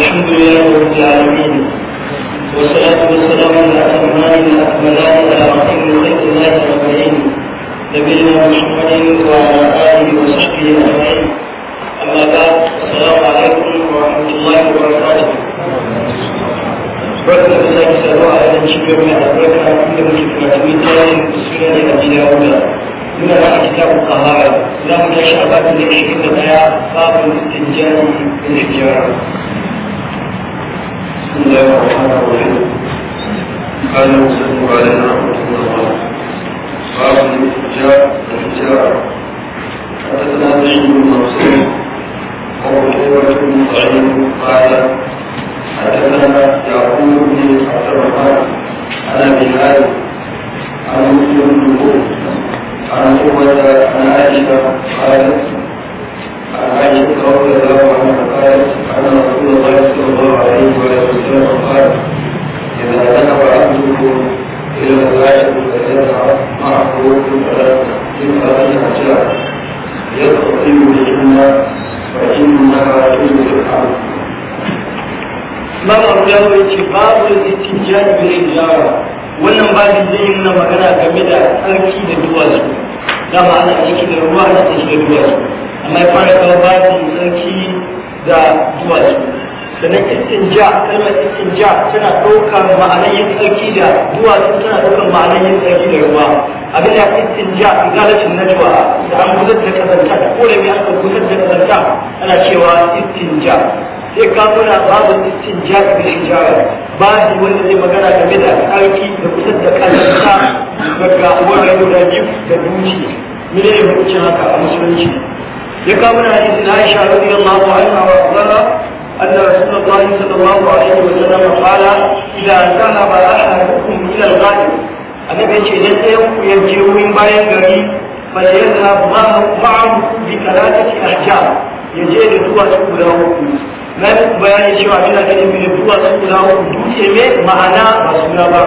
الحمد لله رب العالمين والصلاة والسلام على أتمان الأكملان على رحيم خلق الله أجمعين نبينا محمد وعلى آله وصحبه أجمعين أما بعد السلام عليكم ورحمة الله وبركاته barka da sake saduwa a yanar cibiyar mai albarka inda muke tunatuni tarihin suna da gajiyar wuta muna da kitabun kahara za mu tashi a bakin da ke da daya babin istinjani بسم الله الرحمن الرحيم قال المسلم علينا رحمه الله باب الاستجاء والتجارة حدثنا بشر بن مسلم وقتيبة بن سعيد قال حدثنا يعقوب بن عبد الرحمن عن ابي هاي عن مسلم بن عن قوة عن عائشة قالت عن عائشة رضي الله عنها قالت أن رسول الله صلى الله عليه وسلم قال إذا ذهب عبدكم إلى العائشة فليدع معه ثلاثة إن أردنا ساعة يستطيع منهن فإنها تجد الحرب Imam Abu Dawud yace babu ittijaj bil ijara wannan babu zai nuna magana game da tsarki da duwatsu dama amma ya fara kawo babin sarki da duwatsu sannan istinja kalmar istinja tana ɗaukar ma'anar yin sarki da duwatsu tana ɗaukar ma'anar yin sarki da ruwa abin da istinja igalashin najwa da an gudar da kazanta da da mai aka gudar da kazanta ana cewa istinja sai ka nuna babu istinja da shijara babu wanda zai magana game da sarki da kusan da kazanta daga wurin guda biyu da duci mene ne hukuncin haka a musulunci يقامنا حديث عائشة رضي الله عنها وأرضاها أن رسول الله صلى الله عليه وسلم قال إذا ذهب أحدكم إلى الغد النبي إذا سيوم يمشي من باين غري فليذهب معه بثلاثة أحجار يجد سوى سوى na yi bayani cewa ina ganin mai zuwa su kula uku dutse mai ma'ana ba suna ba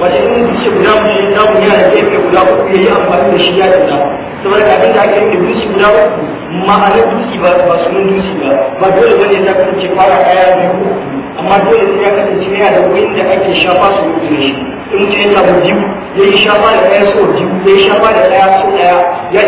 wata irin dutse guda mu shi namu ya da gefe guda ya yi amfani da shi ya guda saboda ka da ake yi dutse guda uku ma'anar dutse ba ba sunan dutse ba ba dole bane ya kasance fara kaya biyu amma dole sai ya kasance yana da wurin da ake shafa su rubuta shi in ce yana da biyu ya yi shafa da ɗaya so biyu ya yi shafa da ɗaya so ya yi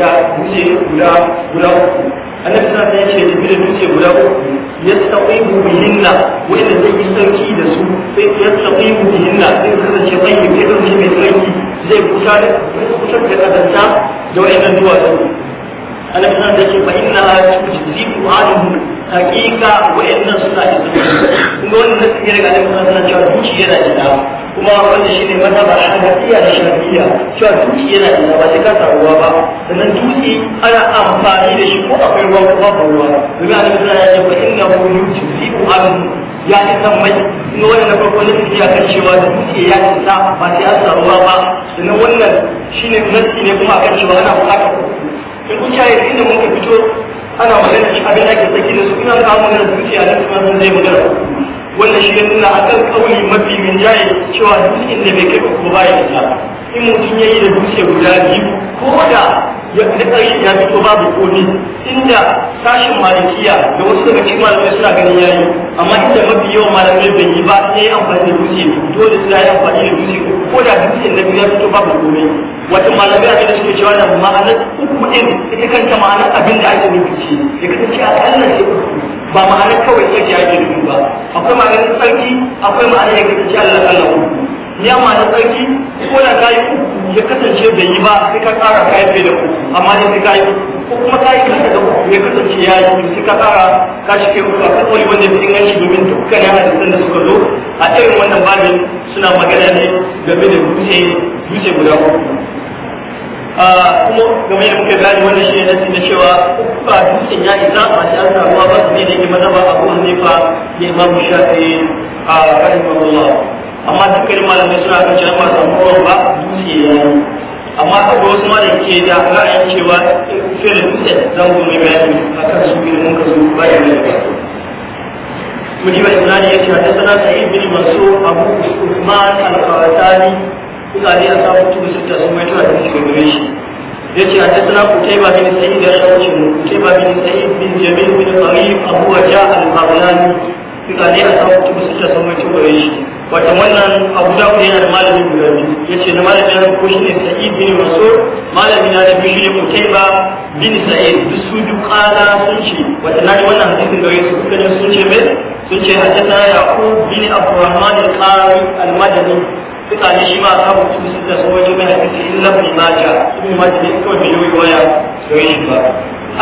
da dutse guda guda uku annabi sallallahu alaihi wasallam ya ce da dutse guda uku yastaqibu bihinna wanda zai yi sarki da su sai yastaqibu bihinna sai kasance tayyib sai kasance mai sarki zai kusa da kusa da kadanta da wayannan duwatsu annabi sallallahu alaihi wasallam ya ce fa inna la tujzibu anhu hakika wa'annan suna cikin kuma wannan da suke daga da kuma suna cewa duki yana da ta kuma wanda shi ne mata shine mazhabar hanafiya da shafiya cewa duki yana da ta ba sai ka sa ruwa ba sannan duki ana amfani da shi ko akwai ruwa ko babu ruwa domin annabi sallallahu alaihi wasallam ya ce inna hu yusibu an ya ci san mai kuma wannan na farko na tafiya kan cewa da duki ya ci sa ba sai an sa ruwa ba sannan wannan shine nasi ne kuma kan cewa ana buƙatar in Kuka yi inda muka fito ana magana shi abin ake saki da su ina da magana zuciya da kuma sun zai magana wannan shi nuna a akan kauli mafi min jaye cewa duk inda bai kai ko ba ya in mutum ya yi da zuciya guda biyu ko da ya rika yi ya fito babu komi inda sashin malikiya da wasu daga cikin malamai suna ganin yayi amma inda mafi yawan malamai bai yi ba sai amfani da dutse dole suna yi amfani da dutse ko da dutse da ya fito babu komi wata malamai a da suke cewa da ma'anar uku din ita kanta ma'anar abin da ake nufi ce ya kasance a kallon sai uku ba ma'anar kawai sarki ake nufi ba akwai ma'anar sarki akwai ma'anar ya kasance Allah Allah uku ya ma'anar sarki ko da ta yi uku ya kasance da yi ba sai ka kara ka da ku amma ne sai ka yi ko kuma ka yi kasa da ku ya kasance ya yi sai ka kara ka shi ke kuka a kasance wanda ya fi inganci domin dukkanin yana da suka zo a irin wannan babin suna magana ne game da dutse dutse guda uku kuma game da muka gani wannan shi ne na cewa ba dutse ya yi za a shi an ba su ne da ke mazaba a kowane ne fa ya imamu shafi a rahimahullah amma ta kai malamai suna kan cewa ba san ba sai ya yi amma ka ga wasu malamai ke da ra'ayin cewa fere tutse zan gome bayani a kan su biyu mun ka zo ba ya yi. ba muni bai tunani ya ce ta sana bin maso abu usman al-kawatani suna ne a samun tuba su ta sun mai tura da suke shi ya ce a ta sana ku taiba bin sa'i da shakin ku taiba bin sa'i bin jami'in bin karif abuwa ja al-babulani suna ne a samun tuba su ta sun mai tura da shi wata wannan abu da yana da malamin guda biyu ya ce na malamin na ko shi ne sa'id bin maso malami na da biyu shi ne mutaiba bin sa'id duk su duk kala sun ce wata na ji wannan hadisin gare su kuka sun ce mai sun ce hadisa yaqub ya ko al-qari al-madani duka ne shi ma sabu su sun da sun wajen mai hadisi illa bin maja ibn maja ne kawai bai yi waya gare ba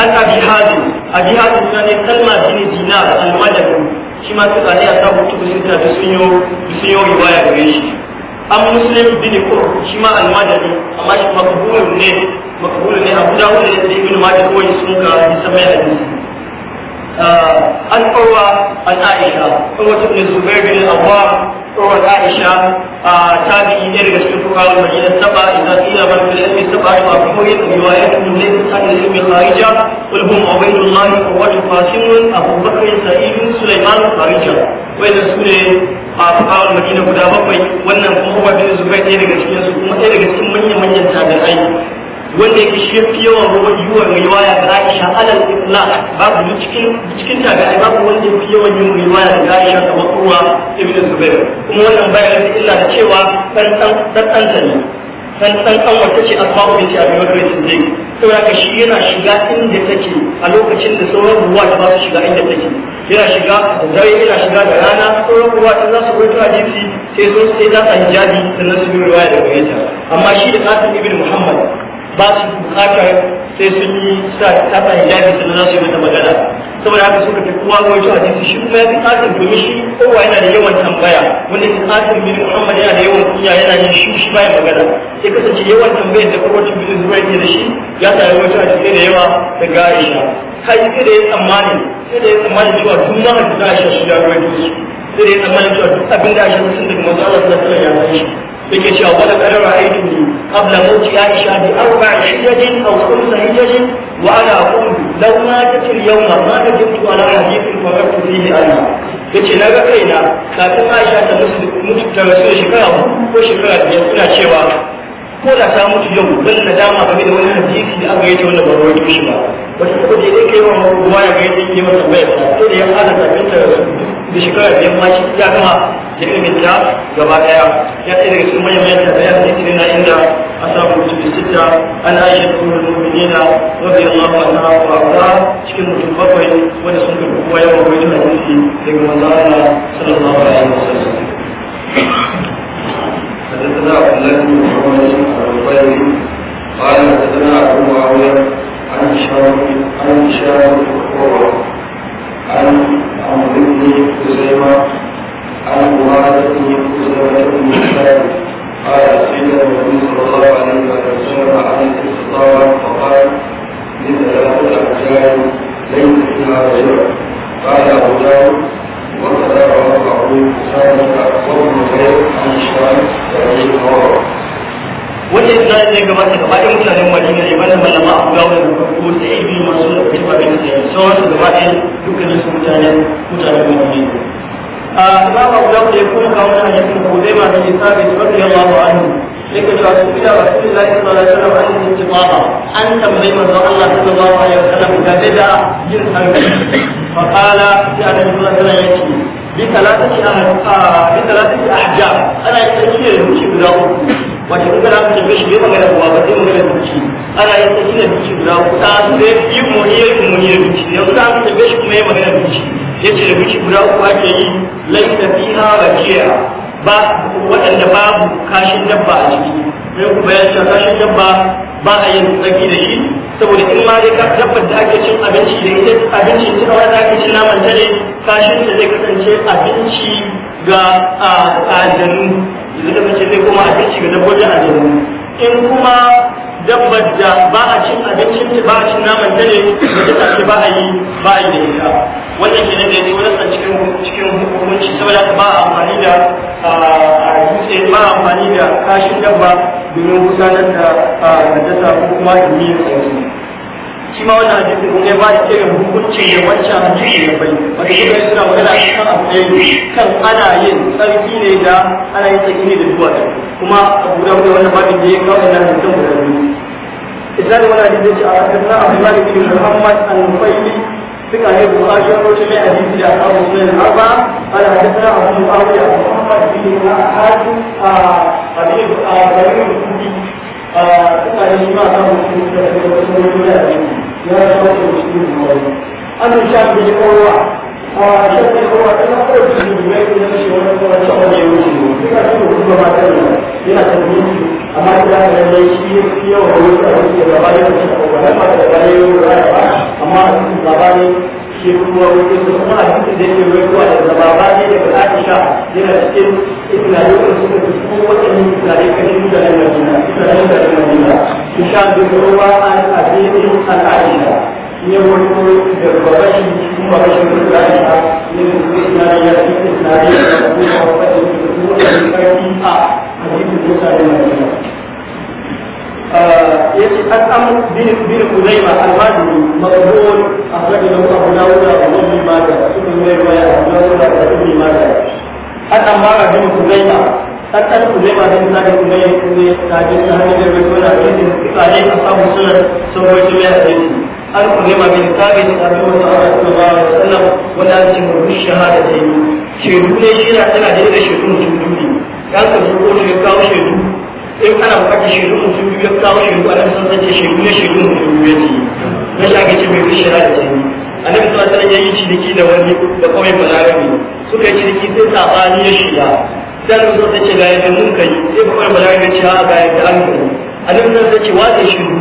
an abi hadin abi hadin ne kalma shi ne dinar al-madani shi ma suka ne a sa hutu sun ta sun yi yi riwaya gare shi an muslim bin kur shi ma almajani amma shi makabulun ne makbulun ne abu dawud da ibn majah kawai sun ka yi samai hadisi القوة العائشة قوة ابن الزبير بن الأوام قوة عائشة تابعي إرغس في فقار المدينة السبع إذا قيل من في العلم السبع مفهوم روايتهم ليست عن العلم خارجة قل هم عبيد الله قوة قاسم أبو بكر سعيد سليمان خارجة وإذا سورة فقار المدينة قد أبقي وأن محمد بن الزبير إرغس في السبع إرغس في مني مني تابعي wanda yake shi yawan yawan riwaya ga Aisha alal itlaq babu cikin cikin ta ga babu wanda yake yawan yin riwaya ga Aisha da Urwa ibn Zubair kuma wannan bayan da illa da cewa dan dan dan dan ne dan dan dan wata ce asma'u binti Abi Bakr Siddiq saboda ka shi yana shiga inda take a lokacin da sauran ruwa ba su shiga inda take yana shiga da dare yana shiga da rana sauran ruwa ta za su ta hadisi sai zo sai za su hijabi sannan su yi riwaya da gare ta amma shi da Qasim ibn Muhammad ba su haka sai sun yi sa taɓa hijabi sannan za su yi mata magana saboda haka suka tafi kuma ga wajen hadisi shi kuma ya fi katin domin shi kowa yana da yawan tambaya wanda ke katin bin muhammad yana da yawan kunya yana yin shi shi ba baya magana sai kasance yawan tambayar da farkon bin zuwa ke da shi ya sa yawan wajen hadisi da yawa daga aisha kai sai da ya tsammani sai da ya tsammani cewa duk ma hadisi aisha shi ya ruwaito su sai da ya tsammani cewa duk abin da aisha sun daga manzo Allah sallallahu alaihi wasallam ya san shi yake cewa wala qad ra'aytu qabla mawti aisha bi arba'i hijajin aw khums hijajin wa ana aqulu law ma tatil yawma ma tajibtu ala hadithin faraktu fihi alma yace na ga kaina kafin aisha ta musu mutu ta rasu shekara ko shekara biyar suna cewa ko da ta mutu yau dan da dama game da wani hadisi da aka yace wanda ba rawaito shi ba wata ko da yake yawan ruwa ya ga yake masa ba ko da ya hada ta kanta rasu da shekarar biyar ma shi ya gama da ilimin ta gaba daya ya ɗaya daga cikin manyan manyan tafiya da yake na inda asabu kutubi sita an aisha kuma mu'minina rabbi Allah wa anha wa arda cikin mutum bakwai wanda sun karɓi kuma yawan wani hadisi daga manzon sallallahu alaihi a حدثنا a الله بن محمد الربيعي قال حدثنا عن عن عن ابنه خزيمة عن مهادته بن خزيمة بن قال سيدنا النبي صلى الله عليه وسلم عن الاستطاعة فقال من ثلاثة أحجار ليس فيها رجل قال أبو داود وكذا رواه أبو إسحاق قوم غير عن الشام فأجل wanda na da zai gabata gaba ɗaya mutanen madina ne banda malama abu gawo da ko sai ibi masu da kuma bin da yi sauran su gaba ɗaya dukkanin su mutanen mutanen madina a imam abu gawo da ya kuma kawo da hadisin ko zai ma da ya sabi da wanda ya lawa sai ka cewa su ila rasulullahi sallallahu yi tibaba an tambayi manzon Allah sallallahu alaihi wasallam game da yin sarki fa yake bi talatati ana yin sarki da guda uku wato in kana kusa shi bai magana kuwa ba sai magana biki ana yin sai na biki guda kuta su ne yi muni yi muni da biki yanzu za su tafi shi kuma yi magana biki yace da biki guda uku ake yi laisa fiha rajiya ba waɗanda babu kashin dabba a ciki sai ku bayan cewa kashin dabba ba a yin tsaki da shi saboda in ma dai dabbar da ake cin abinci da ita abinci ita wanda ake cin naman ta ne kashin ta zai kasance abinci ga aljanu idan da mace kuma dabbar da ba a cin abincin ba a cin naman ta ne da ta ba a yi ba a yi da ita wannan ke nan da ne wannan cikin cikin hukunci saboda ba a amfani da dutse ba a amfani da kashin dabba domin gudanar da najasa ko kuma yi da sauransu shi ma wannan hadisi kun ga ba da irin hukunci ya wancan hadisi ya bai wanda shi bai suna magana kan abu ɗaya kan ana yin tsarki ne da ana yin tsarki ne da duwatsu kuma abu da wannan babin da ya kawo ina hadisan guda biyu إذن ولا يجوز على أن عبد الله بن محمد النفيلي ثقة أبو عاشر رجل حديث إلى أصحاب السنن الأربعة قال حدثنا أبو معاوية محمد بن أحد قبيل قبيل الكوفي فإن ما كانوا مسلمين لا يشرك المسلمين أما الشعب بالقوة وشد القوة كما قلت في البيت يمشي ويتصور يمشي بما فيه كل ما كان بلا تنمية أما إذا كان يشير فيه ويوسع في الغاية ولما تغير الغاية أما الغاية shi kuma wani kuma a cikin da yake wai kuwa da zababani daga Aisha yana cikin إسرائيل وسنة قوة من إسرائيل كشيء على المدينة إسرائيل على المدينة تشاد بروى عن أبيه عن عائشة يقول ببشر وبشر عائشة يقول إسرائيل إسرائيل يجب الأمر بين بين خزيمة المدني مقبول أخرج له أبو داود وابن ماجه ابن ماجه وابن ماجه an amara bin kuzaima an kan kuzaima bin sadi kuzaima kuzaima sadi ta hanyar da bai tona ne da suka ne a samu sunan sun bai tuna ya tsaye an kuzaima bin sadi da ta wasu a wasu da bawa da sallam wanda an ce shahada ta yi shaidu shi na tana da yadda shaidu mutum biyu ne ya kan ko shi kawo shaidu in ana bukatar shaidu mutum biyu ya kawo shaidu a nan sun zance shaidu ne shaidu mutum biyu ne na shi ake ce mai bishira da ta annabi sallallahu alaihi wasallam yayi ciniki da wani da kuma balarabi suka yi ciniki sai sabani ya shiga dan zo sallallahu ce ga ya mun kai sai kuma balarabi ya ce a ga yadda an kai annabi sallallahu alaihi wasallam ya ce wa ta shiru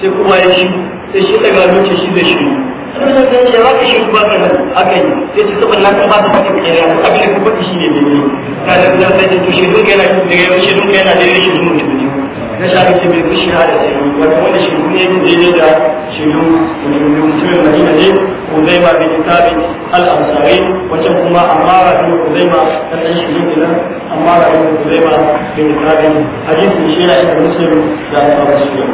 sai kuma ya shi sai shi daga lokacin shi da shi annabi sallallahu alaihi wasallam ya ce shi kuma kana akai sai ce saboda na ba ta fadi ya abin da kuma shi ne ne ka da sallallahu alaihi wasallam ya ce shi duk yana na shi shi duk yana da shi da na shafi ce mai kushi da shiru wata wanda shiru ne yin daidai da shiru musulmi mutumin madina ne uzaima bin tabi al-ansari wata kuma amara ko uzaima dan dan shiru ne nan ko bin uzaima bin tabi ne shi na cikin muslim da abu muslim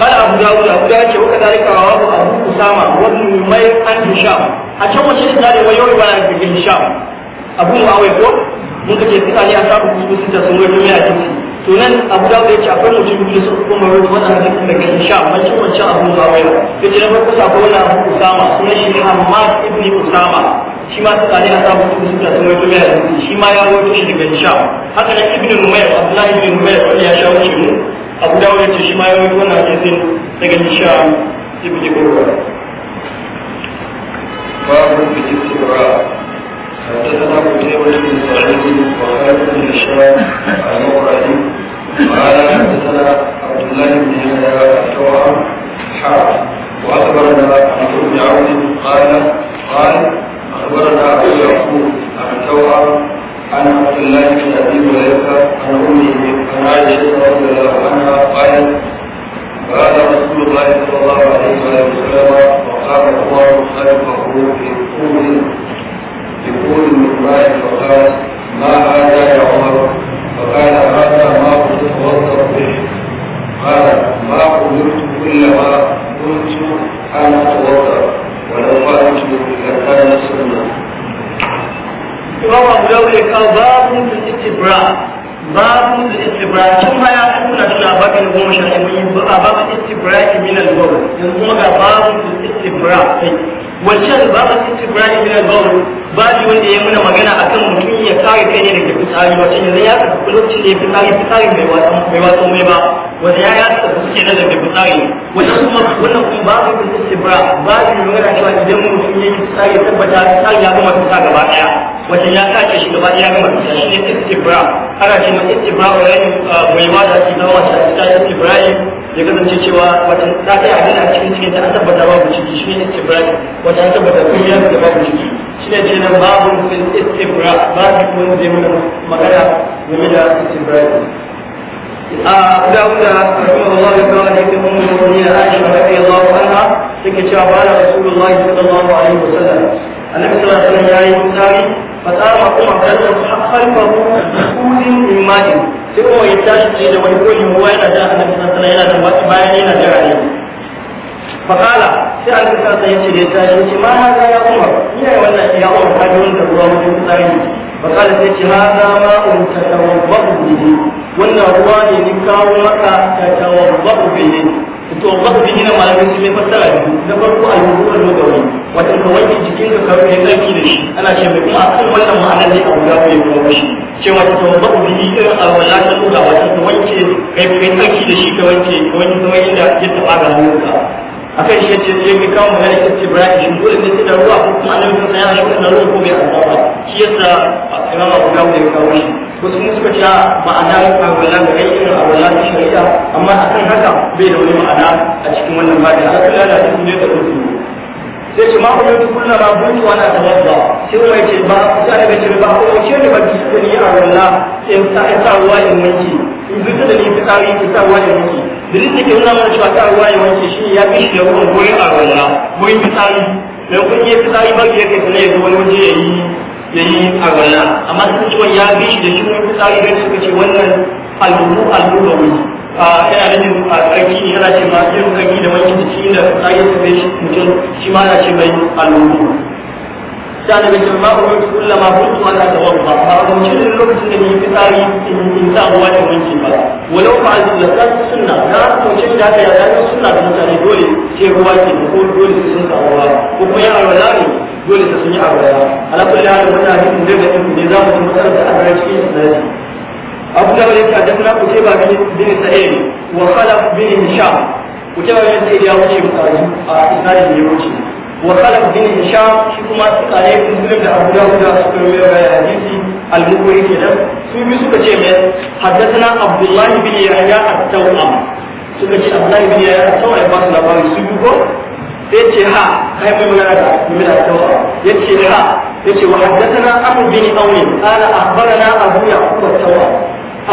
قال أبو داود أبو داود وكذلك رواه أبو أسامة وابن نمير عن هشام أشم وشيء ذلك ويوم ولا يبقى هشام أبو معاوية mun kace suka a sabu kuskure sun ga jami'a jinsi to nan abu da ya ce akwai mutum biyu sun kuma wata wannan hadisin daga insha wancan wancan abu da waya ya ce na farko sako wannan abu usama sunan shi Ahmad ibn Usama shi ma ta tsari a sabu su suka sun wato mai hadisi shi ma ya wato shi daga insha haka nan ibn Umayr Abdullah ibn Umayr wanda ya sha wuce mu abu da ya ce shi ma ya wato wannan hadisin daga insha ibn Umayr babu bi istibra حدثنا قتيبة بن سعيد وخالد بن هشام عن مقرئ قال حدثنا عبد الله بن التوأم حاء وأخبرنا عبد بن عون قال قال أخبرنا أبو يعقوب عن التوأم عن عبد الله بن أبي هريرة عن أمه عن عائشة رضي الله عنها قالت قال رسول الله صلى الله عليه وسلم وقال الله خلقه في قوم يقول المقبال فقال ما هذا يا عمر lokacin da ya fitsari fitsari mai wato mai ba wanda ya yi tafi suke da da fitsari wannan kuma wannan kuma ba ce yin istibra babu yin magana cewa idan mutum ya yi fitsari tabbata fitsari ya gama fita gaba daya wata ya sace shi gaba daya gama fita shi ne istibra ana ce ma istibra wa yayin ah, mai wada shi zama wata ta istibra ya kasance cewa wata ta kai abin a cikin cikin ta an tabbata babu ciki shi ne istibra wata an tabbata kun ya da babu ciki shi ne ce nan babu fil istibra ba su kun zai mana magana game da istibra a da wanda rahimahullah ya kawo hadisin ummu mu'minin Aisha radiyallahu anha take cewa ba da rasulullahi sallallahu alaihi wasallam annabi sallallahu alaihi wasallam yayi tsari fa tsara kuma kallon khalfahu kullu imanin sai kuma ya tashi da wani koyin ruwa yana da annabi sallallahu alaihi yana da wata bayan yana da rayuwa fakala sai annabi sallallahu alaihi ya ce da ya tashi ya ce ma hada ya umar ina wannan ya umar ka ji wanda ruwa wajen tsari fakala sai ce hada ma un tatawabbu bihi wannan ruwa ne ni kawo maka tatawabbu bihi to ba ka ji na malamin su mai fassara ne na farko a yi ruwan lokaci wata ka wanke jikin ka karo ya tsarki da shi ana ce mai kuma akan wannan ma'anar ne abu ya kai kuma shi cewa ta ba ku yi irin alwala ta tura wata ka wanke kai kai tsarki da shi ka wanke ka wanke kamar yadda ya taɓa ga hannunka akan shi ce sai mai kawo mai ki ce Ibrahim shi dole ne sai da ruwa ko kuma annabi sun tsaya shi da ruwa ko bai Allah ba shi yasa Imam Abu Dawud ya kawo shi wasu mun suka ce ma'ana ka wala da kai irin a wala da shari'a amma akan haka bai da wani ma'ana a cikin wannan bada haka ya da sun ne da rubu sai ce ma ku yi kullu ma buntu wala tawadda sai kuma ya ce ba ku sai ga ce ba ko wace ne ba ki sani a wala in sa ruwa in mulki in zuta da ni fitsari ki sa ruwa in mulki dalilin da nuna mana cewa ta ruwa yawanci shi ya fi da ruwan wurin arwala wurin fitsari don kun yi fitsari ba ya kai sanai ya wani waje ya yi ya yi amma sun cewa ya fi da shi wurin fitsari don suka ce wannan al'ummu al'umma wuri yana nufin a tsarki yana ce ma irin kaki da wani jiki da tsayin su zai mutum shi ma na ce mai al'ummu sai da cewa ma'u min kulla ma kuntu ana tawadda ba ba mun shi lokacin da ni fitari in in sa ruwa da wanki ba walau fa azu la kan sunna na kunce da ka yarda da suna da mutane dole sai ruwa ke ko dole sai sun sa ba ko kuma ya alwala ne dole sai sun yi alwala ala kulli hal wannan hadisin daga cikin ne za mu mutar da alwala cikin sunna abu da wani kadan na kuce ba bin sa'id wa khalaf bin hisham kuce ba bin sa'id ya wuce mutane a isnadin ya wuce وخلف بن هشام شكما تقالي بن مسلم ده أبو داود أسكرمي وحديثي المقوي كده سوى سوى كده حدثنا عبد الله بن يحيى التوأم سوى كده عبد الله بن يحيى التوأم بس نبغي سوى yace ha kai mai magana da mai da tawa yace ha yace wa haddathana abu bin auni qala akhbarana abu yaqub at-tawa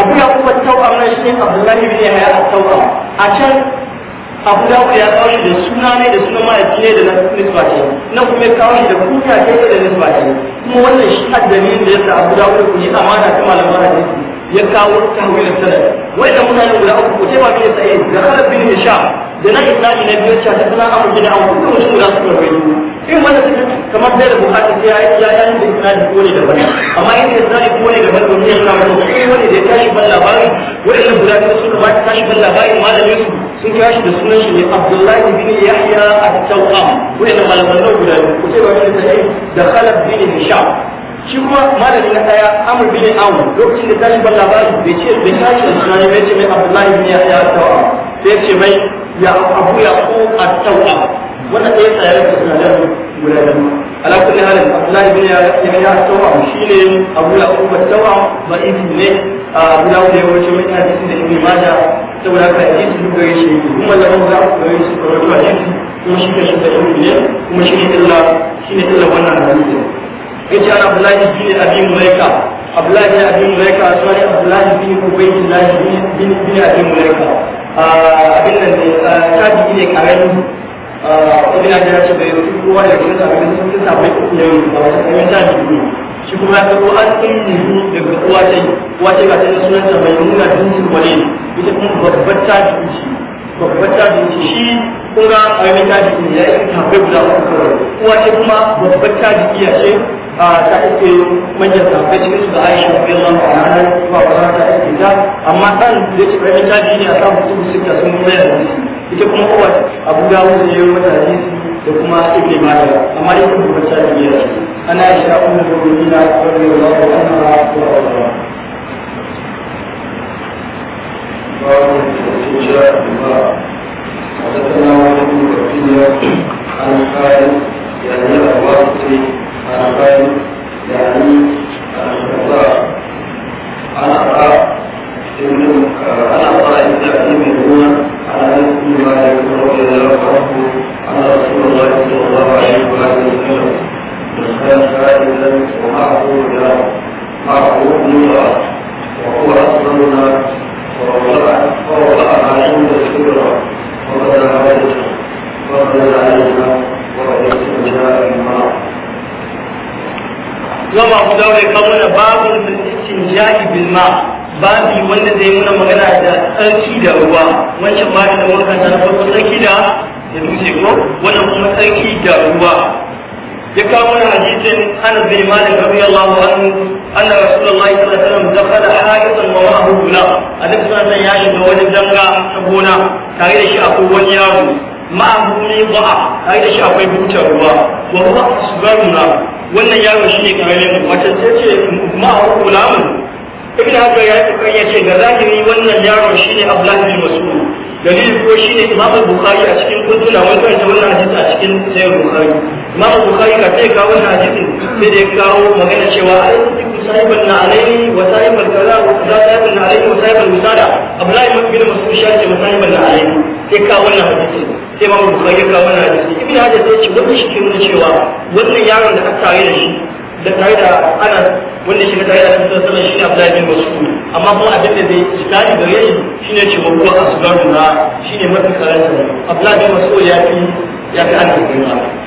abu yaqub at-tawa mai shi a can abu da ya kawo shi da suna ne da sunan mahaifi ne da nisba ce nan kuma ya kawo shi da kuka ce da nisba ce kuma wannan shi a dalilin da yasa abu da ku yi amana ta malaman hadisi ya kawo tahwil sanad wai da mutane guda uku ko ba bin sa'id da Khalid bin Hisham da na Islami na biyo cha ta sunan Abu Ja'far an kuma shi guda suka rawaito in wannan suka kamar da ta ya ya ya yi isnadi ko ne daban amma in isnadi ko ne daban to ne ya kawo ko wani da ya tashi ban labari wai da guda su tashi bin labarin malamin su sun kira shi da sunan shi ne Abdullahi bin Yahya at-Tawqam wannan malamin nan guda ne ko ba shi da sai da Khalid bin Hisham shi kuma malami na daya Amr bin Awn lokacin da tashi bin labarin bai ce bai tashi da sunan bai ce mai Abdullahi bin Yahya at-Tawqam sai ce mai ya Abu Yaqub at-Tawqam wannan da ya tsaya da sunan guda ala kulli halin Abdullah ibn Yahya Tawam shine Abu Yaqub Tawam ba ibn ne Abu Dawud ya wuce mai hadisi da Ibn Majah saboda haka yi duk gare shi kuma da wanda aka gare shi da kuma shi ke shi ne kuma shi ne illa shi ne illa wannan hadisi yace ana Abdullah ibn Abi Mulaika Abdullah ibn Abi Mulaika sai Abdullah ibn Ubaydillah ibn ibn Abi Mulaika abin nan ne tabi'i ne karamin wani jira ce bai kowa da kuma zaɓi sun fi samu yau ta shi kuma ya karɓo an ɗin daga uwa ta yi uwa ta sunan ta nuna ita kuma babbar ta ce babbar ta shi kun ga ƙaramin ta ne ya yi tafe guda uku kawai kuma babbar ta ta ake manyan tafe cikin su da aisha bai zama a ranar ba ta ake amma ɗan da ya ce ƙaramin ta ne a samun sun ta sun abu dawud ne ya wata hadisi da kuma ibn majah amma ibn majah ne ya ana isha ummu mu'minina radiyallahu anha wa radiyallahu باب الاستنجاء بالماء حدثنا ولد وفيا عن خالد يعني الواسطي عن خالد يعني عن الخطاء عن عطاء بن عن عطاء بن أخبره أن رسول الله صلى الله عليه وسلم كان سائلا ومعه رجال معه امرأة وهو أفضل الناس ووضع عند الكبرى وبدا عليها وبدا عليها ورأيت جاء المرأة yau abu daure kamuna babu istinja'i bil bilma babi wanda zai muna magana da tsarki da ruwa wancan babi da muka ta farko tsarki da ya dutse ko wannan kuma tsarki da ruwa ya kawo mana hadisin Anas bin Malik radiyallahu anhu anna Rasulullahi sallallahu alaihi wasallam dakhala hajatan wa ma'ahu gulam a duk alaihi wasallam ya shiga wani danga ta gona tare da shi akwai wani yaro ma'ahu ne ba'a a da shi akwai butar ruwa wa huwa asgaruna wannan yaro shi ne karamin wata ta ce ma'ahu gulamun ibn hajar ya ta kai yace ga zahiri wannan yaro shi ne abdullahi bin mas'ud Dalilin ko shi ne imam bukhari a cikin kuntuna wannan wannan hadisi a cikin sayyid bukhari imam bukhari ka sai kawo wannan hadisin sai da ya kawo magana cewa ai ku na alai wa sahibul kaza wa kaza sahibul na alai wa sahibul musada abdullahi bin mas'ud shi ce sahibul na alai sai kawo wannan hadisin sai imam bukhari ya kawo wannan hadisin ibn hajar sai ce wannan shi ke nuna cewa wannan yaron da aka tare da shi da tare da ana wanda shi ka tare da kansa sallan shi ne abdullahi bin mas'ud amma kuma abin da zai shi tare da yayi shine cewa ko asgaruna shine mafi karanta abdullahi bin mas'ud ya fi ya fi an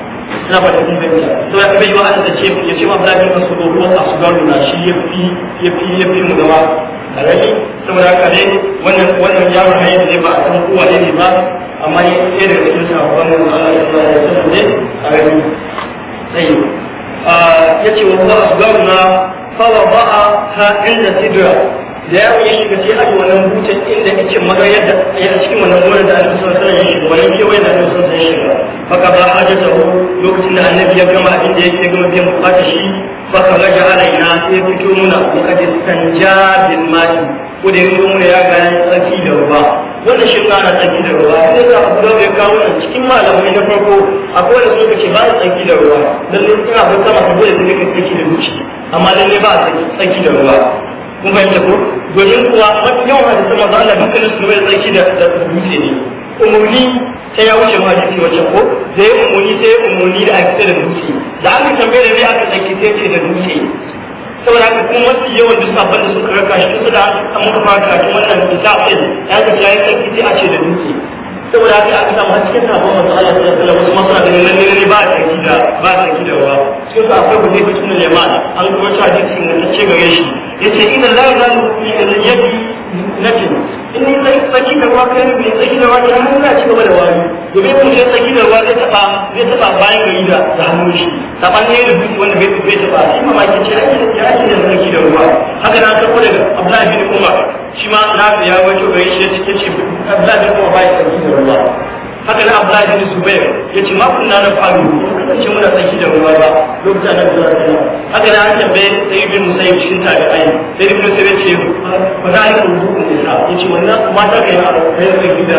ina ba da kun gani to ya bai yiwa a ta ce ya ce ma ba da masu ruwan a su gano na shi yafi yafi yafi mu gaba a karami saboda haka dai wannan wannan yaron hayar ne ba a san kowa ne ba amma ya ce daga cikin sabon da Allah ya sa ya san ne a gani sai ah, ya ce wa ba su gano na fa wa ba'a ta inda sidra da yaro ya shiga sai aka wannan butan inda ake yadda da yana cikin wannan wurin da annabi sallallahu alaihi wasallam ya shiga wani kewaye da annabi sallallahu alaihi wasallam ya shiga faka ba hajata lokacin da annabi ya gama abin da yake gama biyan bukatar shi faka raja alaina sai fito muna ko kaje sanja bil mali ko da yanzu mu ya gani tsaki da ruwa wannan shi ana tsaki da ruwa sai da abu da ya kawo nan cikin malamai na farko akwai wanda suka ce ba tsaki da ruwa dan ne kina ba sama ka dole da kake tsaki da ruci amma dan ne ba tsaki da ruwa kun fahimta ko domin kuwa mafi yawan hadisan ma Allah dukkanin su bai tsaki da da dutse ne umurni sai ya wuce hadisi wace ko zai umurni sai umurni da aka da dutse da aka tambaye da ne aka tsaki sai ce da dutse saboda haka kuma mafi yawan duk sabon da suka raka shi su da an muka fara karatun wannan kitabin ya ga ya tsaki sai a ce da dutse saboda haka aka samu cikin sabon masu Allah sallallahu alaihi wasallam kuma suna a nan ne ba ta kida ba ta kida wa cikin su akwai bude bitin da an kuma ta hadisi ne ce gare shi yace idan la ilaha illa yadi in ni zai da ruwa kai mai saki da ruwa da na ci gaba da wari domin mun sai saki da ruwa zai taba zai taba bayan gari da da hannun shi saban ne rubutu wanda bai bai taba shi mamaki ce ake da ake da tsaki da ruwa haka na karbo daga Abdullahi bin Umar shi ma na ya wato gari shi ya ce Abdullahi bin Umar bai tsaki da ruwa haka na abdullahi bin zubair ya ce ma kunna na faru ce muna tsaki da ruwa ba lokacin da zuwa sana haka na an tabbe sai bin musayi cikin ayi sai bin musayyib ya ce ba za a yi kuma ne sa ya ce wannan ta kai a kai tsaki da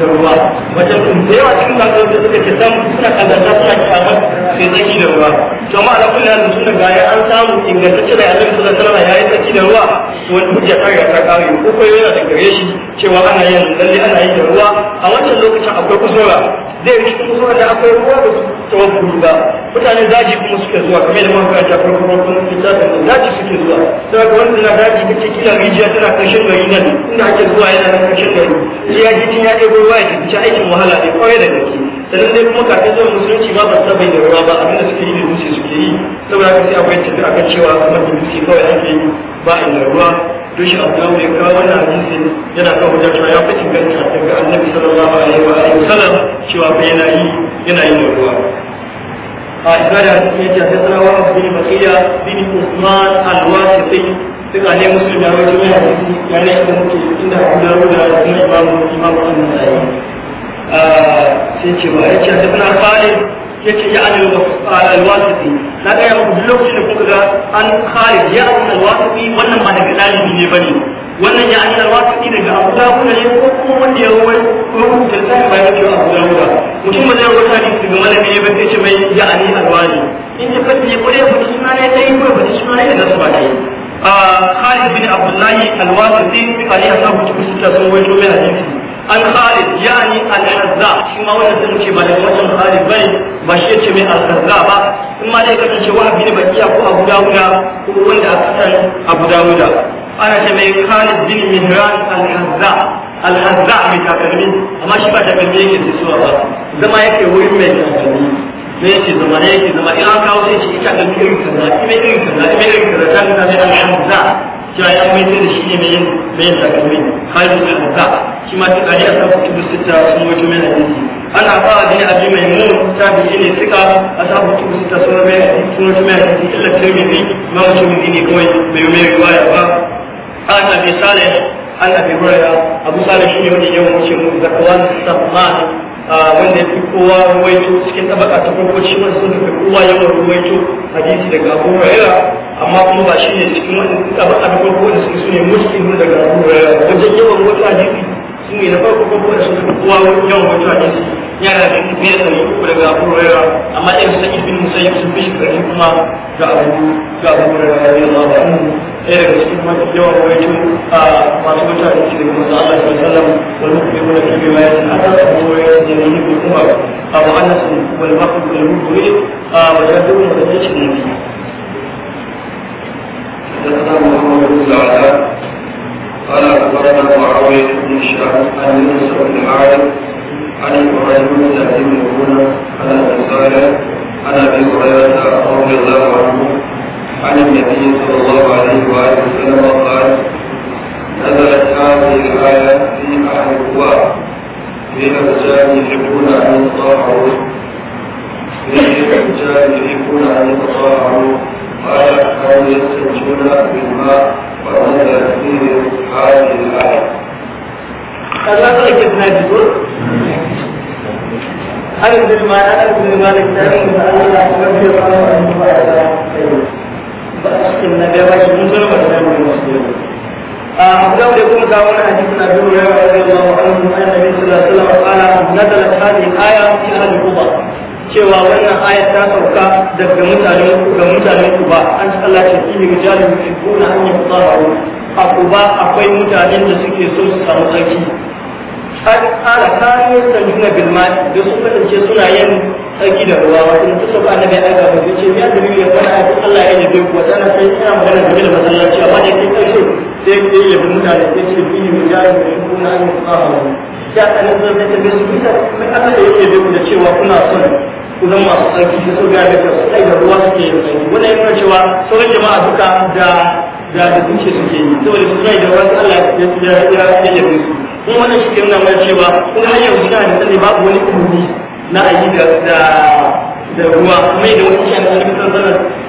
da ruwa wajen kun da yawa cikin masu da suka ce san suna kallata suna kyamar sai tsaki da ruwa to ma ala kullu da suna gaya an samu ingantacce da annabi suna alaihi wasallam ya yi tsaki da ruwa wani hujja ta ga ta kawo ko kuma yana da gare shi cewa ana yin lalle ana yi da ruwa a wannan lokacin akwai kusura zai rike kusura da akwai ruwa da tsawon kuru ba mutane daji kuma suke zuwa kamar da muka ta farko suke zuwa kuma daji suke zuwa sai ga wanda na daji ta ce kila rijiya tana karshen gari nan inda ake zuwa yana nan karshen gari sai ya ji ya ɗebo ruwa ya ta aikin wahala ne kawai da gaske sannan dai kuma kafin zuwa musulunci ba ba ta bai da ruwa ba abinda suke yi da dutse suke yi saboda haka sai akwai tafi akan cewa kamar da dutse kawai ake yi ba in ruwa dushi abu mai kawo wannan hadisin yana kawo da cewa ya fi inganta daga annabi sallallahu alaihi wa alihi wasallam cewa fa yana yi yana yin ruwa a ibada sun yace ta bin bin usman al ne musulmi yana hadisi ya ne da muke inda abu da ruwa da kuma imamu imamu sai ce ba yace ya an alwasiti na ga yau duk lokacin da kuka ga an khalid ya an alwasiti wannan ba daga dalibi ne bane wannan ya an alwasiti daga Abu Dawud ne ko kuma wanda ya rawai ko rubuta ba ya ce Abu Dawud mutum ba zai rubuta hadisi daga malami ne ba ce mai ya an alwasiti in ji ko dai fadi suna ne dai ba suna ne da nasu ba dai ah, Khalid bin Abdullahi alwasiti ne a ne a sabu cikin sun wajo an khalid yani al-hazza shi ma wannan sun ce ba da wannan khalid bane ba shi yace mai al-hazza ba in ma dai kasance wahabi ne bakiya ko abu dawuda ko wanda aka san abu dawuda ana ce mai khalid bin mihran al-hazza al-hazza mai takalmi amma shi ba takalmi yake da ba zama yake wurin mai takalmi me yake zama ne zama in kawo sai ce ita da irin kaza ime irin kaza ime irin kaza ta nuna mai al-hazza cewa ya mai da shi ne mai yin mai takalmi hajji mai muka shi ma ta kariya ta kutubu sita sun wato mai hadisi ana ba a dini abi mai mun tabi ne suka a sa kutubu sita sun wato mai hadisi sun wato mai hadisi illa tirmidhi ma wato mai ne kawai bai mai riwaya ba an abu shi ne wuce mu wanda ya fi kowa ruwaito cikin tabaka ta farko shi wanda sun fi kowa yawan ruwaito hadisi daga abu huraira amma kuma ba shi ne cikin wanda tabaka ta farko wanda suke su ne daga abu huraira wajen yawan wata hadisi su ne na farko farko da sun fi kowa yawan wata hadisi yana da biyar da uku daga abu huraira amma irin sa ibn musayyib sun fi shi kuma ga abu ga abu huraira radiyallahu anhu ɗaya daga cikin mafi yawan ruwaito a وسمع الكذب من الله عليه وسلم والمخبرون في رواية الأثر وهو يزيد الامم عمر أبو أنس والوقت المبرئ آه، وجده مدرج النبي. حدثنا محمد بن العلاء قال أخبرنا معاوية بن شهاب عن يونس بن عالم عن إبراهيم بن أبي ميمونة عن أبي صالح عن أبي هريرة رضي الله عنه عن النبي صلى الله عليه وآله وسلم قال نزلت هذه الآية في أهل الكفار من الرجال يحبون أن يتطهروا من الرجال يحبون أن يتطهروا قال أن يستنجون بالماء ونزلت فيه هذه الآية الله يجبنا يقول أنا بن مالك بن مالك ثاني الله رضي الله عنه وأرضاه فأختم النبي وأشهد أن لا إله إلا الله أبو داود يقول تعالى حديث أبي هريرة رضي الله عنه أن النبي صلى الله عليه وسلم قال نزلت هذه الآية في أهل القبى cewa wannan aya ta sauka daga mutanen ga mutanen Kuba an ci Allah ce fi rijalu yuhibbuna an yataharu a Kuba akwai mutanen da suke so su samu tsaki har ala kanu sanjuna bil ma da su kasance suna yin tsaki da ruwa wato su so ba annabi ya ga ba ce ya da ya fara Allah ya yabe ku wata na sai ina magana game da masallaci amma da kai kai sai ke yi mutane sai ce bi ne mujahid da shi kuna yin fahawa ya kana zai da tabe su ita mai Allah da yake bi da cewa kuna son ku zama masu tsarki su ga da su sai da ruwa suke yin tsarki wannan yana cewa sauran jama'a duka da da da zuciya suke yi saboda su sai da ruwa Allah ya ya ya ya su kuma wannan shi ke nuna cewa kun har yanzu da ne babu wani umumi na ayi da da ruwa mai da wani shi ne da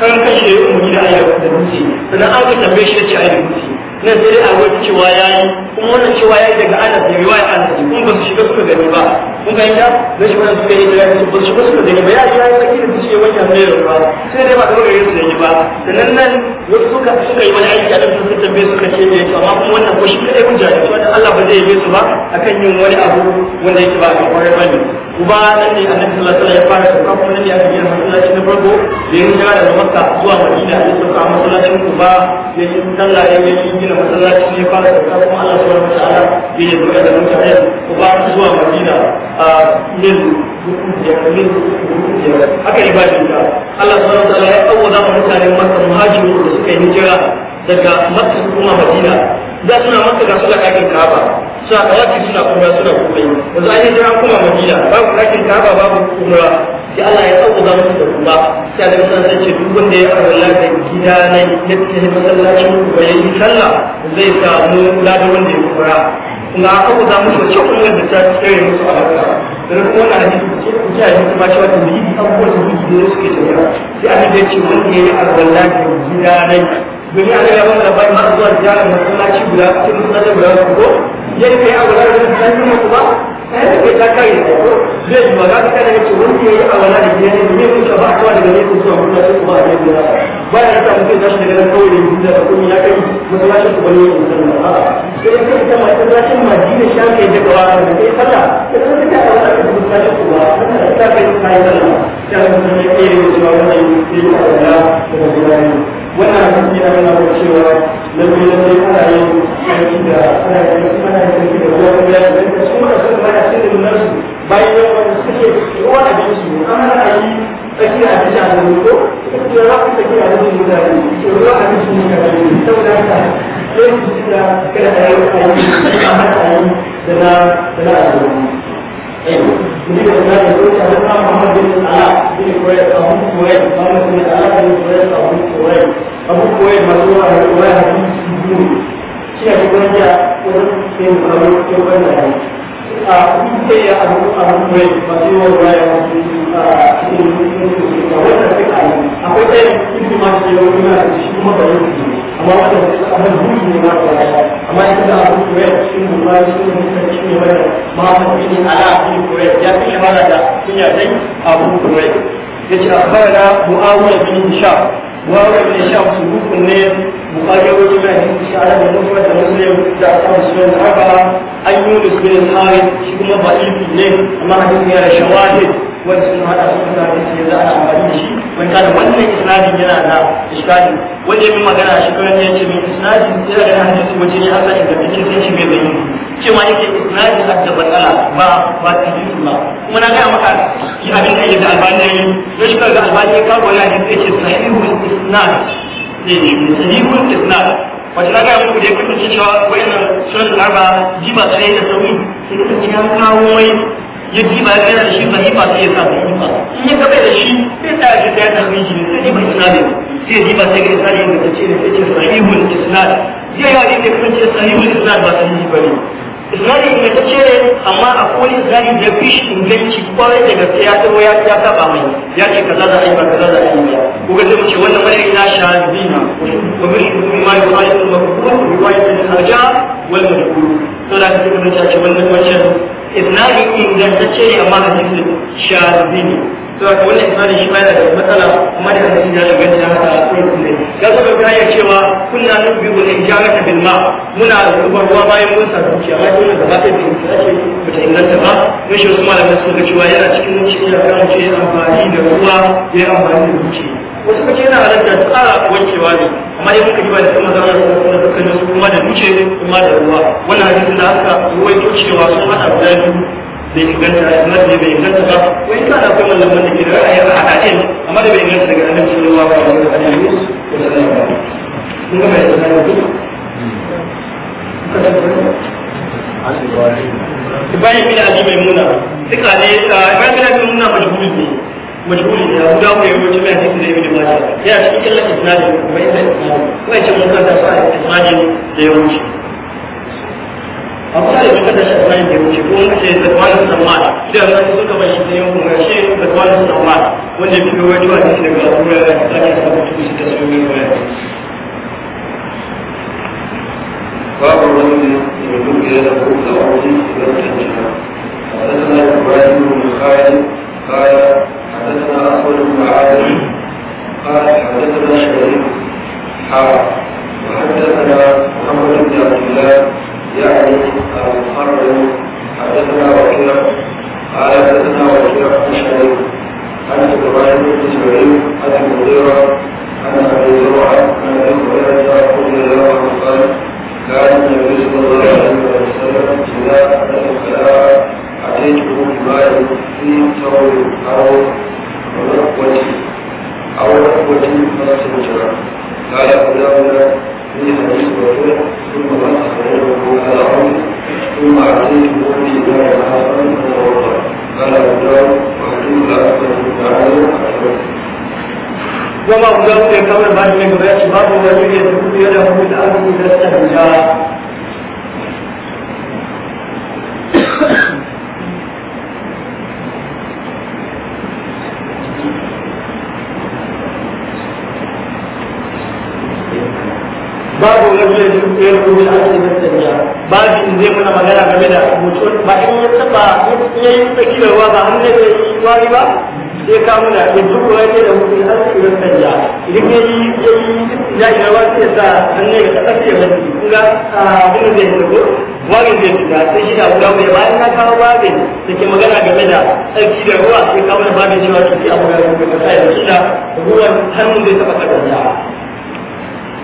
kan kashe umarni da ayyukan da mutu sannan an ka tambaye shi da ce ayyukan mutu na sai a wani cewa ya yi kuma wannan cewa ya yi daga anas da ya anas ne kuma ba su shiga suka gani ba kun ga inda zai shi wannan suka yi da su ba su shiga suka gani ba ya yi ya yi da shi ce wannan ne ba sai dai ba da wani su yi ba sannan nan wasu suka suka yi wani aiki a nan suka tambaye suka ce ne amma kuma wannan ko shi kun jari Allah ba zai yi su ba akan yin wani abu wanda yake ba a kwarai ba ne kuma nan ne annabi sallallahu alaihi ya fara sauka kuma nan ne aka masallaci da ya yi jara da makka zuwa madina sauka masallacin ya yi gina masallaci ne fara sauka kuma Allah subhanahu wataala ya yi da mutane ko ba su zuwa Madina a min min yin yin haka ibadin ka Allah subhanahu wataala ya awwala wa mutane Makka muhajiru da suka yi jira daga Makka kuma Madina da suna Makka ga suka kakin Kaaba suna tawafi suna kuma suna kuma yanzu an yi hijira kuma Madina babu kakin Kaaba babu kuma sai Allah ya sauka za musu da kuma sai da musan sai ce duk wanda ya arwala da gida na ya tafi masallacin ku ya yi sallah zai samu ladan wanda ya kura kuma a ku za musu ce kun da ta tsare musu a haka da kuma wannan hadisi ce ku ce yi ba shi wata yi abubuwan da suke tafiya sai abin da ce wanda ya arwala da gida na domin ana yawan labarin masu zuwa kuma masallaci guda cikin masallaci guda ko zai kai a guda da masallaci kuma kuma kai da ta kai da ko zai zuwa ga kai daga cikin wanda yayi a wala da gidan ne ne kuma ba ta daga ne ko zuwa masallaci kuma a gidan ba ya ta mutum da shi daga kawai da gida da kuma ya kai masallaci ko kuma ne sannan a sai kai ta masallacin madina shan kai da gawa da kai fata sai ka ta wala da masallaci kuma ta kai kai da ta kai da kai da wannan ne da da wannan hadisi ya nuna ko cewa lalle lalle ana yin sarki da ana yin sarki da ruwa da yaki da su mara sun mara sun da nasu bayan yau wanda suke ruwa da jinsu an hana a yi tsakiya a cikin annabi ko da za ku tsakiya a cikin mutane ke ruwa a cikin mutane saboda ta sai ku ci kada a yi a hana a yi da na da na Ini adalah itu adalah Muhammad bin Salah bin Kuwait Abu Kuwait Muhammad bin Salah bin Kuwait Abu Kuwait Abu Kuwait Masulullah Abu Kuwait Abu Kuwait Siapa saja orang yang a sai ya abu abu mai masu yawan ruwa ya wasu cikin wanda sai a yi akwai ɗaya cikin ma ke yau yana da shi kuma ba yau ne amma wanda a nan buɗe ne ma ta yi amma ita da abu kuwa ya cikin ruwa cikin mutum cikin yawan ma ta fi ne ala a cikin kuwa ya fi shahara da sun ya dai abu kuwa ya ce a kawai na mu'awiyar bin hisham mu'awiyar bin hisham su rukun ne بخاري أبو جماعة شعر بن مفرد مسلم أصحاب السنن الأربعة أن يونس بن الحارث شكما ضعيف إليه أما حديث على شواهد wanda sun hada su suna da shi za a amfani da shi mun kada wannan isnadin yana da iskali wanda yayin magana shi kan ya ce min isnadin yana da hadisi wace ne asa inda cikin sai shi mai bayani ce ma yake isnadin da batsala ba ba cikin ba kuma na ga maka shi abin da yake da albani ne ne zai ne sahihul isnad wace na gaya muku da ya kasance cewa wayannan suratul arba jiba sai da sauri sai kasance ya kawo mai ya diba ya gaya da shi sahifa sai ya sa sahifa in ya gaba da shi sai ta ji da ya ne sai ba isnad sai diba sai ga isnad ya kasance da sai isnad zai ya ne kasance sahihul isnad ba sahihi bane ne ta ce amma a koli zari da fish shi inganci kwarai da gaske ya ta ya ya saba mai ya ce kaza za a yi ba kaza za a yi ba ko ga mu ce wannan mai na shazina wa bi shi ma ya fara kuma ko ko wai da haja wal mashkur to da kike mun ce wannan wancan ni ingantacce ce amma sha zina to ka wannan imanin shi ma yana da matsala kuma da kan ya inganta da haka sai kuma ya so ka kaya cewa kunna nubbi wal injarata bil ma muna zubar ruwa bayan mun sa zuciya ba dole da zaka yi ta ce ba ta inganta ba mun shi Usman da su ga cewa yana cikin zuciya ya kan ce amfani da ruwa ya amfani da zuciya wasu kace yana halatta tsara wankewa ne amma dai muka ji ba da kuma zama da kuma dukkan su kuma da zuciya kuma da ruwa wannan hadisin da haka ruwaito cewa sun hada guda biyu bai inganta annabi bai inganta ba ko in kana akwai malaman da ke da ra'ayin a haɗa amma da bai inganta daga annabi sallallahu alaihi wa sallam ko sallallahu alaihi kun ga bai da sallallahu Ibrahim bin Ali mai muna suka ne ah, Ibrahim bin Ali mai muna majhuli ne majhuli ne Abu Dawud ya wuce mai hadisi da Ibn Majah yana cikin illan isnadin kuma illan ce mun kanta sa isnadin da ya wuce a kuma da wata da shafayin da wuce ko wanda ke zarwanin samara da yana su suka bashi yin kuma shi ne zarwanin samara wanda ya fi kawai tuwa ne daga kuma da ta ne da mutum da su ne ba babu wani da dukiya da kuma da wani da mutum da حدثنا ابراهيم na خالد قال حدثنا احمد بن عادل قال حدثنا شريف حار وحدثنا محمد بن عبد الله يعني المحرم حدثنا وكيع قال حدثنا وكيع بن شريف عن ابراهيم بن اسماعيل عن المغيره عن ابي زرعه عن ابي هريره رضي الله عنه قال كان النبي صلى الله عليه وسلم اذا اتى الخلاء اتيته بماء فيه ثور او ركوه او ركوه فلا تنجرى قال أبو داود في حديث وكيع ثم من أخرجه على عمر ثم عليه بأبي لا يعلم قال أبو داود وحديث لا أكثر تعالى وما أبو داود يكمل بعد من قبل باب الذي يدخل يده بالأرض إذا استهجر babu da ke rajulun yusayru bil asli masdariya babu in zai muna magana game da mutum ba in yi ya yi in yayi tsakilarwa ba hannu zai yi wani ba sai ka muna ya tuko ya da mutum asli masdariya idan ya yi ya yi ya yi rawa sai sa hannu ya kasar sai wani kun ga abin da ya tuko wani zai tuka sai shi da guda mai bayan ka kawo babin da ke magana game da tsarki da ruwa sai ka muna babin cewa shi abu da ya tuka sai da shi ruwan hannun zai taba kasance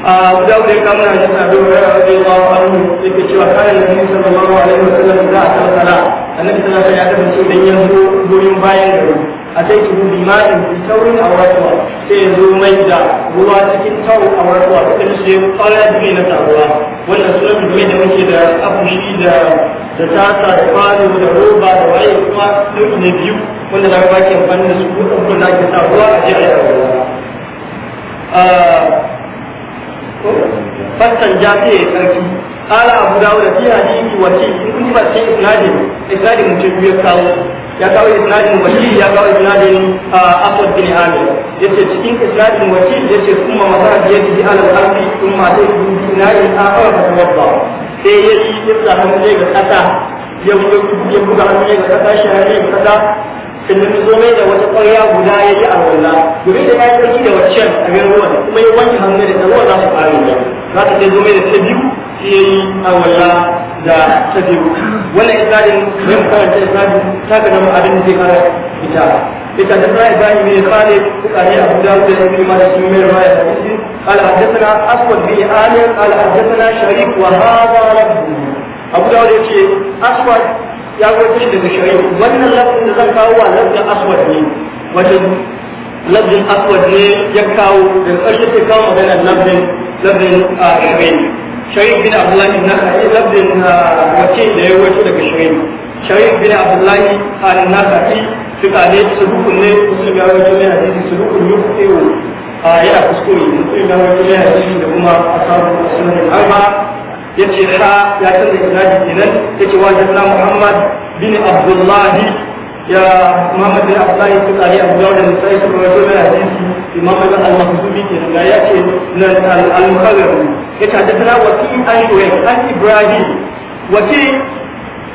abu da ya kama na jasa bin rayuwa da ya bawa an yake cewa kayan da nisa sallallahu alaihi wa sallam za a tsara sala annabi sallallahu alaihi ya kasance dan yanzu goyon bayan gari a sai ki bi ma'in fi saurin auratuwa sai ya zo mai da ruwa cikin tau auratuwa ta karshe kwana biyu na taruwa wannan sunan mai da muke da afushi da da tasa da falo da roba da waye kuma ne biyu wanda da ba ke amfani su ko ke a a yi fatan ja sai ya karfi ala abu dawud fi in ba isnadin isnadin mutum ya kawo ya kawo isnadin ya kawo isnadin bin cikin isnadin masara da isnadin da sai ga kasa ya buga hannu ga kasa shi hannu ga kasa sannan ya zo mai da wata ƙwarya guda ya yi alwala domin da ya yi sarki da waccan a gan ruwan kuma ya wanke hannu da ruwan za su ƙare ne za ta sai zo mai da ta biyu sai ya yi alwala da ta biyu wannan isnadin yin karanta isnadin ta ga zama abin da zai kara ita ita da sa ibrahim bin khalid kare abu dawud da ibn majah sun mai riwaya da hadisi قال حدثنا اسود بن عامر قال حدثنا شريك وهذا لفظ abu dawud yace aswad ya roƙi shi daga shari'a wannan lafzin da zan kawo wa lafzin aswad ne wajen lafzin aswad ne ya kawo da ƙarshe sai kawo magana lafzin lafzin shari'a ah, shari'a bin abdullahi na lafzin wace ah, da ya roƙi daga shari'a shari'a bin abdullahi al-nasa'i suka ne surukun ne musulmi ya roƙi ne su hadisi surukun yuqtiru ah, yana kuskure musulmi ya roƙi ne hadisi da kuma a asabu sunan al-arba yace ha ya canza isnadi kenan yace wa hadithna Muhammad bin Abdullah ya Muhammad bin Abdullah ya tsari a Dawud da Nasa'i sun rawaito da hadisi Imam Ibn al-Makhzumi kenan ga yace nan al-Mukhallaf yace hadithna wa fi ayyuha an Ibrahim wa fi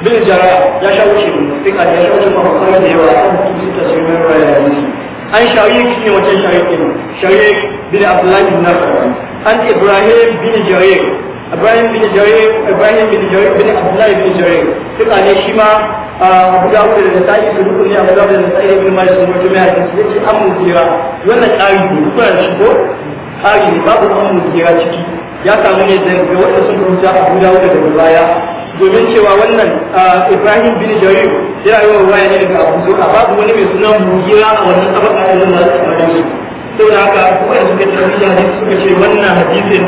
bin jara ya shawo sai ka ya sha shawo shi mahaifar da yawa a kan tutu da shirin hadisi an shawiyi shi ne wancan sharik ɗin sharik bin Abdullah bin Nasar an Ibrahim bin Jarir Ibrahim bin Jarir Ibrahim bin Jarir bin Abdullah bin Jarir suka ne shi ma da uku da sa'i su duk ne a guda da sa'i ne kuma su mutum ya ce ce an jira wannan ƙari ne kuna shi ko ƙari ne babu an jira ciki ya samu ne ga wanda sun rubuta abu da uku daga baya domin cewa wannan Ibrahim bin Jarir yana yi wa ruwaya ne daga Abu Zu'a babu wani mai sunan jira a wannan tabaka da nan da su saboda haka kuma suka ce suka ce wannan hadisin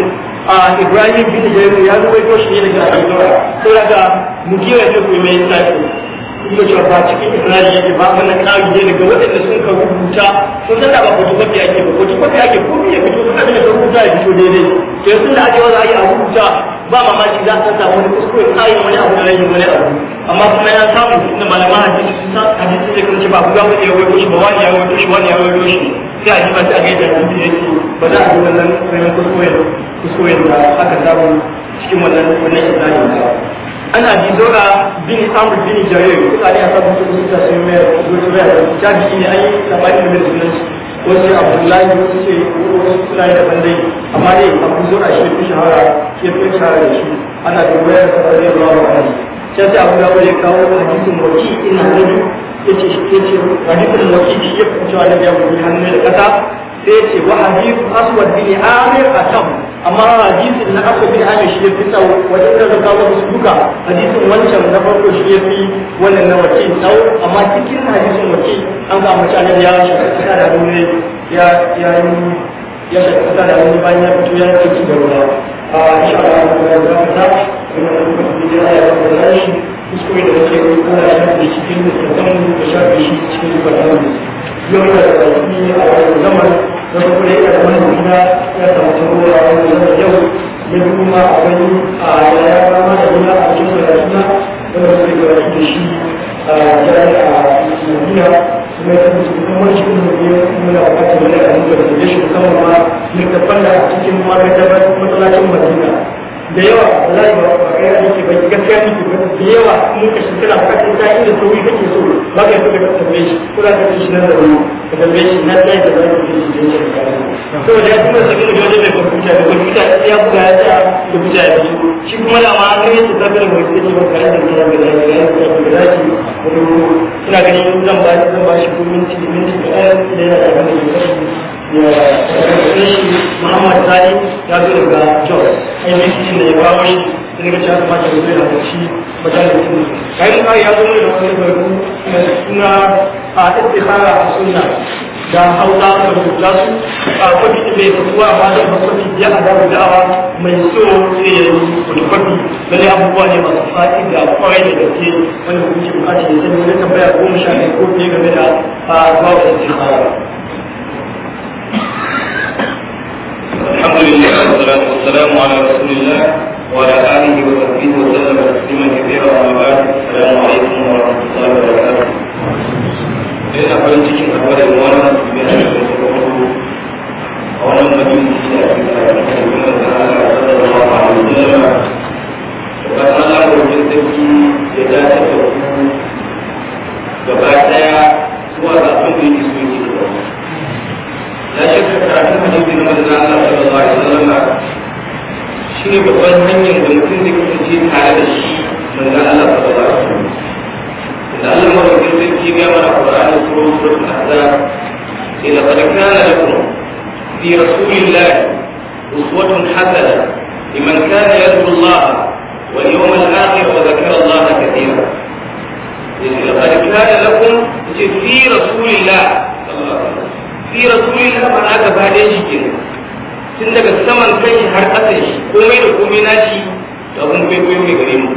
a ibrahim bin jairu ya zuwa ko shi ne daga ayyuka sai daga mutiya ya kuma mai tsari kuma cewa ba cikin israeli yake ba mana kawai ne daga waɗanda sun ka rubuta sun san da ba hoto kwafi ake ba hoto kwafi ake ko ya fito suna da rubuta ya fito daidai sai sun da ake wanda yi a rubuta ba mamaki za a samu wani kuskure kayan wani abu da rage wani abu amma kuma ya samu da malama hadisi sun sa ba kuga wani ya wato shi ba wani ya wato wani ya wato sai a jima ba sai a gaida yake ba za a yi wannan wannan kuskure kuskure da aka samu cikin wannan wannan islami ana ji zora bin samun bin jarir kuka ne a sabu su suka mai zuwa jabi ne an yi labarin da sunan wasu abdullahi wasu ce wasu suna da bande amma dai abu zura shi fi shahara shi fi shahara da shi ana da wayar sa da ruwa wa hadi sai sai abu ya kawo hadisin waki in yace yace hadisin waki shi ya fi cewa da ya buɗe hannu da kasa sai ce wa hadith aswad bin amir atam amma hadisin na aswad bin amir shi yafi tsawo wajen da zaka ga su duka hadisin wancan na farko shi yafi wannan na wace tsawo amma cikin hadisin wace an ga mace annabi ya shi kana da wani ya ya yi ya shi kana da wani bayan ya fito ya ci da a ah, insha Allah ya zama kuskure da ake yi kuma ya shafi cikin littattafan da shafi shi cikin littattafan da yau da ƙarfi a wani zaman da kuma ya ƙarfi wani gida ya samu tabo a wani zaman yau ya kuma a wani a yaya rama da gina a cikin ƙarfina wanda suke ƙarfi da shi a jari a Najeriya kuma ya tabbata cikin wani cikin mutum muna buƙatar wani a cikin da shi musamman ma littattafan da a cikin magatabar matsalacin Madina da yawa wallahi ba ba kai aiki ba ki gaskiya ki ba da yawa in ka shi kana bukatar ta inda ka kake so ba kai so ka tambaye shi ko za ka shi nan da wani ka tambaye shi na tsaye da za ka ci shi da shi saboda ya kuma sakin da wajen mai kwamfuta da kwamfuta ya buga ya ta da buga ya ci shi kuma da ma kai su zaka da wani sai ba kai da kira da zaki da zaki da zaki ina ganin zan ba zan ba shi minti minti da da yi da wani Muhammad Sani ya zo daga Jos, MSC da ya kawo shi sai ga cewa kamata ya zo yana da shi mutane da kuma. Kayan ya zo ne da wani barku suna a ɗaɗɗe a suna da hausa da rubuta su a kwafi da mai fasuwa ba da kwafi ya a dawo da'awa mai so sai ya yi wani kwafi lalle abubuwa ne masu faɗi da kwarai da gaske wani hukunci bukaci da sani wani tambaya goma sha ɗaya ko fiye game da a da istikhara. الحمد لله والصلاة والسلام على رسول الله وعلى آله وصحبه وسلم تسليما كثيرا أما بعد السلام عليكم ورحمة الله وبركاته. Ina farin cikin abuwa da wani musulmi a cikin sakamako a wannan majalisi da ake da kuma da Allah ya sallallahu alaihi wa sallam. Bakan Allah ko jin sarki ya dace da ku gaba daya zuwa ga abin da yake so yake لا شك karatun hadisi na manzon Allah sallallahu alaihi wasallam shi ne babban hanyar da mutum zai kasance tare da shi manzon Allah sallallahu alaihi wasallam da Allah madaukakin sarki ya mana Qur'ani ko suratul Ahzab sai da qad kana lakum fi rasulillahi uswatun hasana liman kana yarju Allah wal yawmal akhir wa dhakara Allah katira لقد كان لكم في رسول الله صلى الله عليه وسلم fi da ba aka ɗaya shi kenan tun daga saman kai har ƙasan shi komai da komai na shi da abin kwaikwayo mai gare mu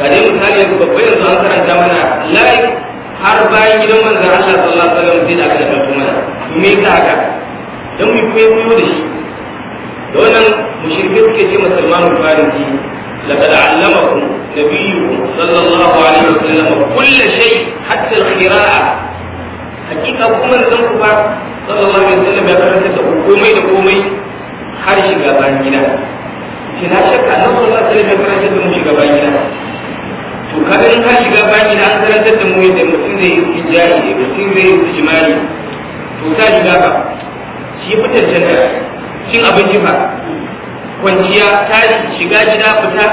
ga dai misali yanzu babba yanzu an karanta mana lai har bayan gidan manzan Allah sallallahu alaihi wasallam sai da aka dafa mana me ka haka dan mu kwaikwayo da shi da wannan mushrikai suke ce musulmanul farinci لقد علمكم نبيكم صلى الله عليه وسلم كل شيء حتى القراءة hakika kuma zan ku ba sallallahu alaihi wasallam ya karanta da komai da komai har shiga bayan gida ce na shakka nan sallallahu alaihi wasallam ya fara da mu shiga bayan gida to kada in har shiga bayan gida an karanta da mu yadda mutum zai yi hijari da mutum zai yi ijmani to ta shiga ba shi fitar janna cin abinci ba kwanciya ta shiga gida fita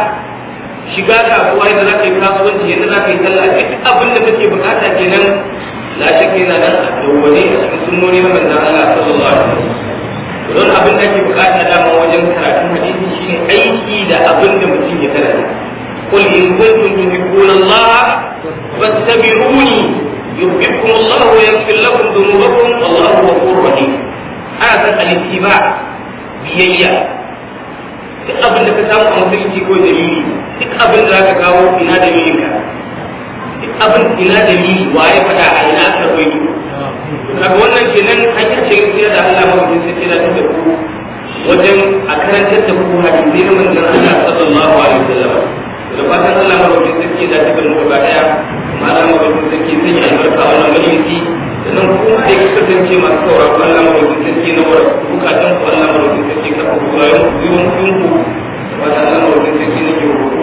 shiga kasuwa yadda za ka yi kasuwanci yadda za ka yi sallah duk abin da kake bukata kenan la shakka yana nan a dawwane a cikin sunnoni na manzon Allah sallallahu alaihi wasallam don abin da ake bukata dama wajen karatun hadisi shine aiki da abin da mutum ya karanta قل إن كنتم تحبون الله فاتبعوني يحببكم الله ويغفر لكم ذنوبكم والله غفور رحيم هذا الاتباع biyayya duk abin da ka samu a musulunci ko dalili duk abin da za ka kawo ina dalilin ka duk abin ina wa ya fada a ina aka rawaito daga wannan kenan hanyar ce gaskiya da Allah ba mutum sai da ta ku wajen a karantar da ku hadisi na manzon Allah sallallahu alaihi wasallam da fatan Allah ba mutum sai da ta ku gaba daya kuma Allah ba mutum sai sai ya albarka wannan majalisi sannan kuma da ya kasance masu ko Allah ba mutum sai na ku bukatun ku Allah ba mutum sai ka ku rayuwar ku ku ku fatan Allah ba mutum sai ne ke roƙo